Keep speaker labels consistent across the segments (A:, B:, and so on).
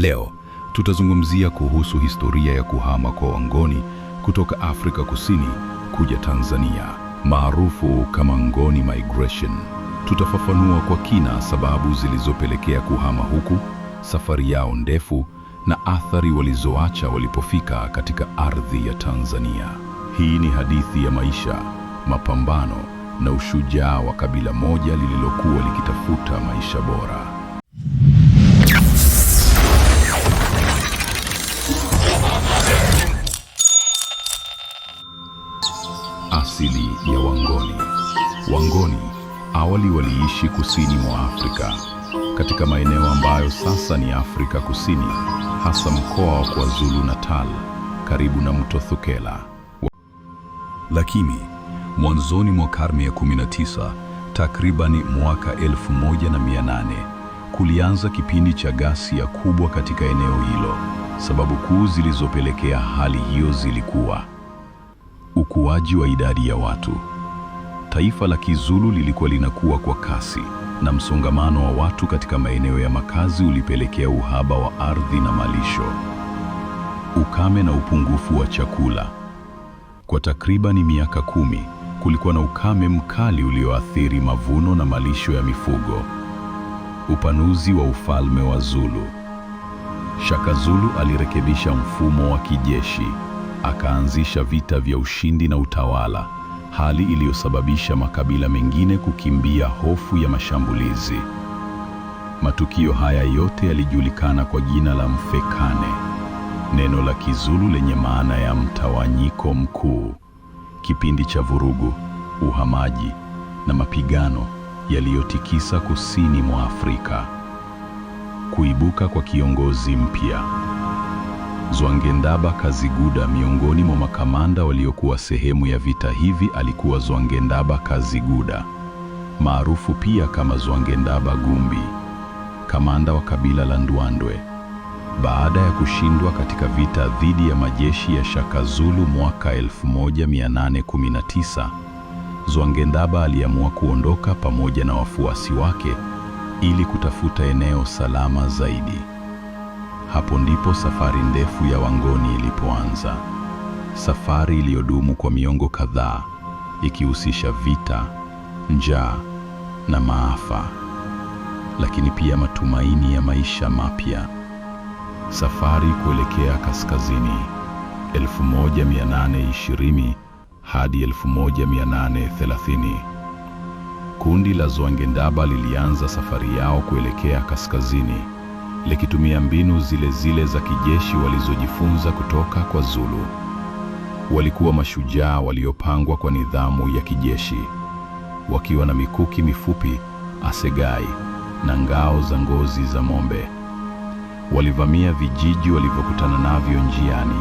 A: Leo tutazungumzia kuhusu historia ya kuhama kwa Wangoni kutoka Afrika Kusini kuja Tanzania, maarufu kama Ngoni Migration. Tutafafanua kwa kina sababu zilizopelekea kuhama huku, safari yao ndefu na athari walizoacha walipofika katika ardhi ya Tanzania. Hii ni hadithi ya maisha, mapambano na ushujaa wa kabila moja lililokuwa likitafuta maisha bora. awali waliishi kusini mwa Afrika, katika maeneo ambayo sasa ni Afrika Kusini, hasa mkoa wa KwaZulu Natal karibu na mto Thukela.
B: Lakini mwanzoni mwa karne ya 19, takriban mwaka 1800, kulianza kipindi cha ghasia kubwa katika eneo hilo. Sababu kuu zilizopelekea hali hiyo zilikuwa ukuaji wa idadi ya watu taifa la Kizulu lilikuwa linakuwa kwa kasi na msongamano wa watu katika maeneo ya makazi ulipelekea uhaba wa ardhi na malisho, ukame na upungufu wa chakula. Kwa takribani miaka kumi, kulikuwa na ukame mkali ulioathiri mavuno na malisho ya mifugo. Upanuzi wa ufalme wa Zulu. Shaka Zulu alirekebisha mfumo wa kijeshi, akaanzisha vita vya ushindi na utawala hali iliyosababisha makabila mengine kukimbia hofu ya mashambulizi. Matukio haya yote yalijulikana kwa jina la Mfekane, neno la Kizulu lenye maana ya mtawanyiko mkuu, kipindi cha vurugu, uhamaji na mapigano yaliyotikisa kusini mwa Afrika. Kuibuka kwa kiongozi mpya Zwangendaba Kaziguda. Miongoni mwa makamanda waliokuwa sehemu ya vita hivi alikuwa Zwangendaba Kaziguda, maarufu pia kama Zwangendaba Gumbi, kamanda wa kabila la Ndwandwe. Baada ya kushindwa katika vita dhidi ya majeshi ya Shaka Zulu mwaka 1819, Zwangendaba aliamua kuondoka pamoja na wafuasi wake ili kutafuta eneo salama zaidi. Hapo ndipo safari ndefu ya Wangoni ilipoanza, safari iliyodumu kwa miongo kadhaa, ikihusisha vita, njaa na maafa, lakini pia matumaini ya maisha mapya. Safari kuelekea kaskazini 1820 hadi 1830. Kundi la Zwangendaba lilianza safari yao kuelekea kaskazini likitumia mbinu zile zile za kijeshi walizojifunza kutoka kwa Zulu. Walikuwa mashujaa waliopangwa kwa nidhamu ya kijeshi, wakiwa na mikuki mifupi, asegai na ngao za ngozi za ng'ombe. Walivamia vijiji walivyokutana navyo njiani,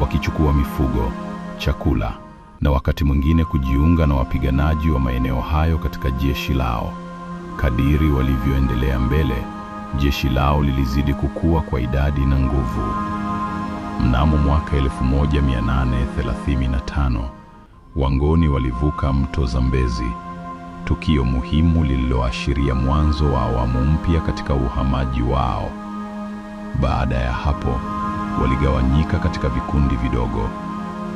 B: wakichukua mifugo, chakula na wakati mwingine kujiunga na wapiganaji wa maeneo hayo katika jeshi lao. Kadiri walivyoendelea mbele jeshi lao lilizidi kukua kwa idadi na nguvu. Mnamo mwaka 1835 Wangoni walivuka mto Zambezi, tukio muhimu lililoashiria mwanzo wa awamu mpya katika uhamaji wao. Baada ya hapo, waligawanyika katika vikundi vidogo,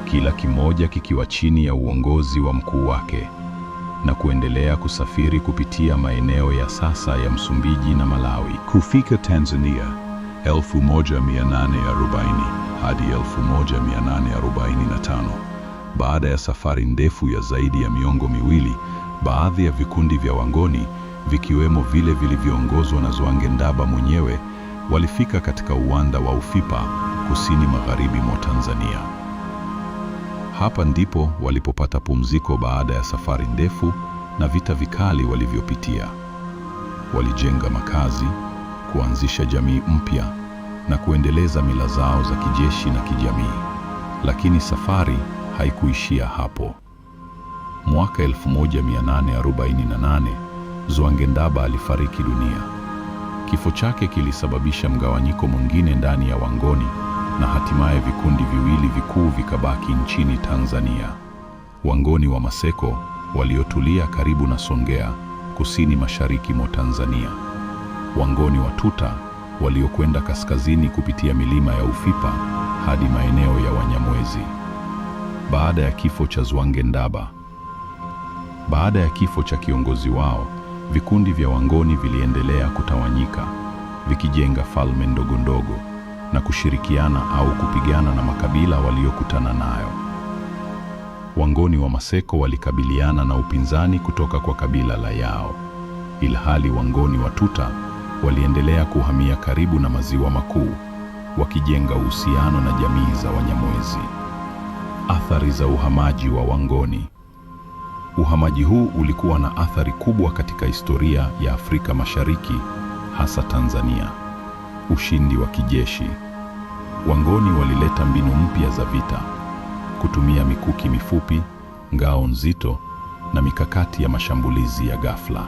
B: kila kimoja kikiwa chini ya uongozi wa mkuu wake na kuendelea kusafiri kupitia maeneo ya sasa ya Msumbiji na Malawi.
A: Kufika Tanzania 1840 hadi 1845. Baada ya safari ndefu ya zaidi ya miongo miwili, baadhi ya vikundi vya Wangoni vikiwemo vile vilivyoongozwa na Zwangendaba mwenyewe walifika katika uwanda wa Ufipa kusini magharibi mwa Tanzania. Hapa ndipo walipopata pumziko baada ya safari ndefu na vita vikali walivyopitia. Walijenga makazi, kuanzisha jamii mpya na kuendeleza mila zao za kijeshi na kijamii. Lakini safari haikuishia hapo. Mwaka 1848 Zwangendaba alifariki dunia. Kifo chake kilisababisha mgawanyiko mwingine ndani ya Wangoni na hatimaye vikundi viwili vikuu vikabaki nchini Tanzania. Wangoni wa Maseko waliotulia karibu na Songea, kusini mashariki mwa Tanzania. Wangoni wa Tuta waliokwenda kaskazini kupitia milima ya Ufipa hadi maeneo ya Wanyamwezi. Baada ya kifo cha Zwangendaba. Baada ya kifo cha kiongozi wao, vikundi vya Wangoni viliendelea kutawanyika vikijenga falme ndogo ndogo na kushirikiana au kupigana na makabila waliokutana nayo. Wangoni wa Maseko walikabiliana na upinzani kutoka kwa kabila la Yao, ilhali Wangoni wa Tuta waliendelea kuhamia karibu na maziwa makuu, wakijenga uhusiano na jamii za Wanyamwezi. Athari za uhamaji wa Wangoni. Uhamaji huu ulikuwa na athari kubwa katika historia ya Afrika Mashariki, hasa Tanzania. Ushindi wa kijeshi Wangoni walileta mbinu mpya za vita, kutumia mikuki mifupi, ngao nzito na mikakati ya mashambulizi ya ghafla.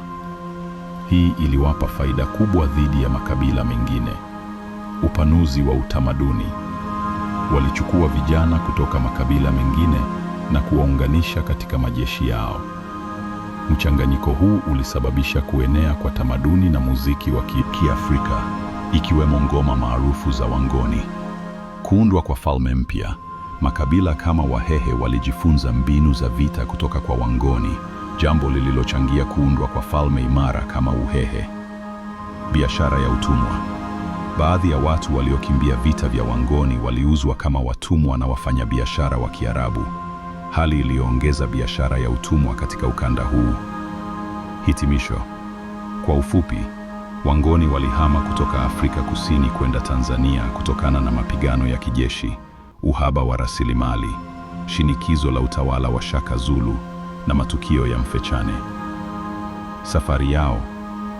A: Hii iliwapa faida kubwa dhidi ya makabila mengine. Upanuzi wa utamaduni. Walichukua vijana kutoka makabila mengine na kuwaunganisha katika majeshi yao. Mchanganyiko huu ulisababisha kuenea kwa tamaduni na muziki wa Kiafrika, ikiwemo ngoma maarufu za Wangoni. Kuundwa kwa falme mpya, makabila kama Wahehe walijifunza mbinu za vita kutoka kwa Wangoni, jambo lililochangia kuundwa kwa falme imara kama Uhehe. Biashara ya utumwa. Baadhi ya watu waliokimbia vita vya Wangoni waliuzwa kama watumwa na wafanyabiashara wa Kiarabu, hali iliyoongeza biashara ya utumwa katika ukanda huu. Hitimisho. Kwa ufupi, Wangoni walihama kutoka Afrika Kusini kwenda Tanzania kutokana na mapigano ya kijeshi, uhaba wa rasilimali, shinikizo la utawala wa Shaka Zulu na matukio ya Mfechane. Safari yao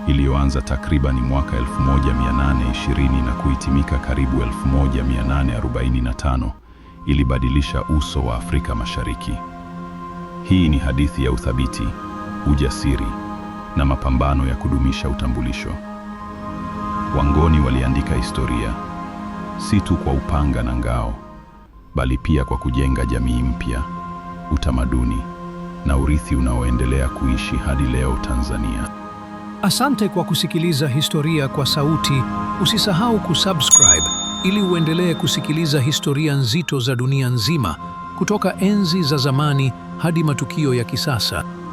A: iliyoanza takribani mwaka 1820 na kuhitimika karibu 1845 ilibadilisha uso wa Afrika Mashariki. Hii ni hadithi ya uthabiti, ujasiri na mapambano ya kudumisha utambulisho. Wangoni waliandika historia si tu kwa upanga na ngao, bali pia kwa kujenga jamii mpya, utamaduni na urithi unaoendelea kuishi hadi leo Tanzania.
C: Asante kwa kusikiliza Historia kwa Sauti. Usisahau kusubscribe ili uendelee kusikiliza historia nzito za dunia nzima, kutoka enzi za zamani hadi matukio ya kisasa.